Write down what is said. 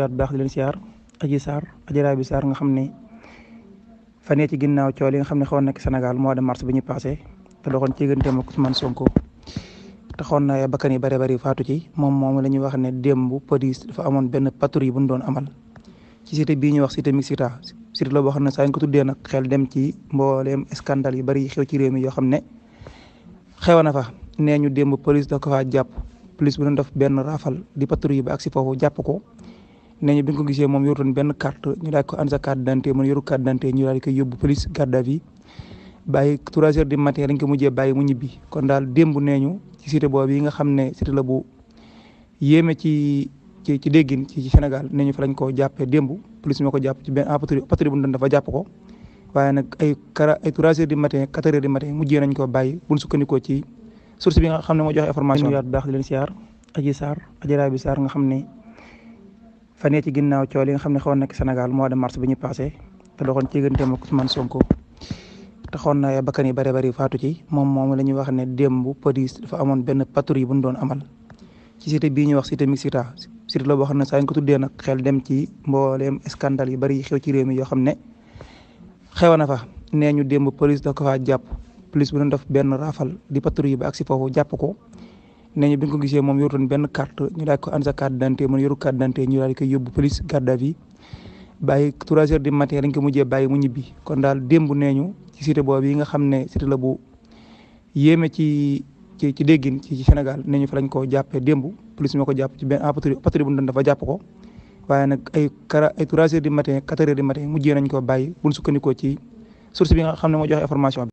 nuyuwaat baax di leen siyaar aji saar aji nga xam ne fanee ci ginnaaw coow li xam ne xawoon na ci Sénégal mois de mars bi ñu passé te doxoon ci gënteem xoon na bakkan yi bare faatu ci moom moom la ñuy ne démb police dafa amoon benn patrouille bu ñu doon amal ci cité bii ñuy wax cité Mixita cité la boo xam ne saa ñu ko xel dem ci mbooleem scandale yu bari xew ci réew mi yoo xam ne xew na fa nee ñu démb police da ko faa jàpp police bu doon def benn raafal di patrouille ba ak si foofu jàpp ko nee ñu bi ñu ko gisee moom yorutoon benn carte ñu daal ko an sa carte d'identité yoru carte d'identité ñu daal di koy police garde à vue bàyyi trois matin dañ ko mujjee bàyyi mu ñibbi kon daal démb nee ñu ci cité yi nga xam ne cité la bu yéeme ci ci ci déggin ci Sénégal nee ñu fa lañ ko jàppee démb police moo jàpp ci benn ah, patrouille patrouille jàpp ko waaye nag ay kara ay trois heures du matin mujjee nañ ko bàyyi buñ sukkandikoo ci source nga xam ne moo joxe information yaatu baax di leen nga xam ne fan ci ginnaaw coow li nga xam ne xawoon na ci Sénégal mois de mars bi ñu passé te doxoon ci digganteem ak Ousmane Sonko taxoon na bakkan yi bëree bëri faatu ci moom moom la wax ne démb police dafa amoon benn patrouille bu ñu doon amal ci bii ñuy wax cité Mixta cité la boo xam ne saa ñu ko tuddee xel dem ci mbooleem scandale yu bëri yi ci réew mi yoo xam ne xew na fa nee ñu démb police da ko jàpp police bu doon def benn rafal di patrouille ba ak si foofu jàpp ko nee ñu bi ñu ko gisee moom yorutoon benn carte ñu daal ko an sa carte d'identité mu yoru carte d'identité ñu daal di koy police garde à vue bàyyi trois matin dañ ko mujjee bàyyi mu ñibbi kon daal démb nee ñu ci yi nga xam ne cité la bu yéeme ci ci ci déggin ci ci Sénégal nee ñu lañ ko jàppee démb police moo ko jàpp ci benn patrouille patrouille bu jàpp ko waaye nag ay kara ay trois heures du matin mujjee nañ ko bàyyi buñ sukkandikoo ci source bi nga xam ne moo joxe information bi